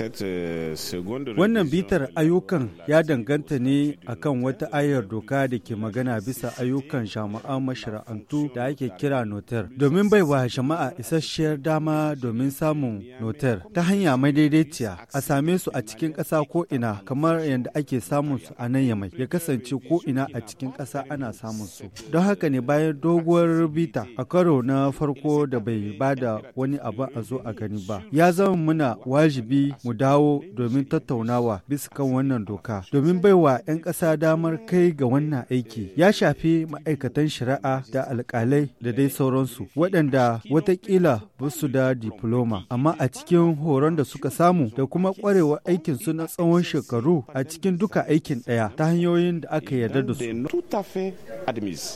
Eh, Wannan bitar ayyukan ya danganta ne akan wata ayar doka da ke magana bisa ayyukan jama'an mashara'antu da ake kira notar. Domin bai wa jama'a isasshiyar dama domin samun notar ta hanya mai daidaiciya a same su a cikin ƙasa ko ina kamar yadda ake samun su a nan yamai ya kasance ko ina a cikin ƙasa ana samun su. Don haka ne bayan doguwar bita a karo na farko da bai bada wani abu a zo a gani ba. Ya zama muna wajibi mu mu dawo domin tattaunawa bisa kan wannan doka domin baiwa 'yan ƙasa damar kai ga wannan aiki ya shafi ma'aikatan shari'a da alƙalai da dai sauransu waɗanda watakila ba su da diploma amma a cikin horon da suka samu da kuma ƙwarewar aikin su na tsawon shekaru a cikin duka aikin ɗaya ta hanyoyin da aka yarda da su.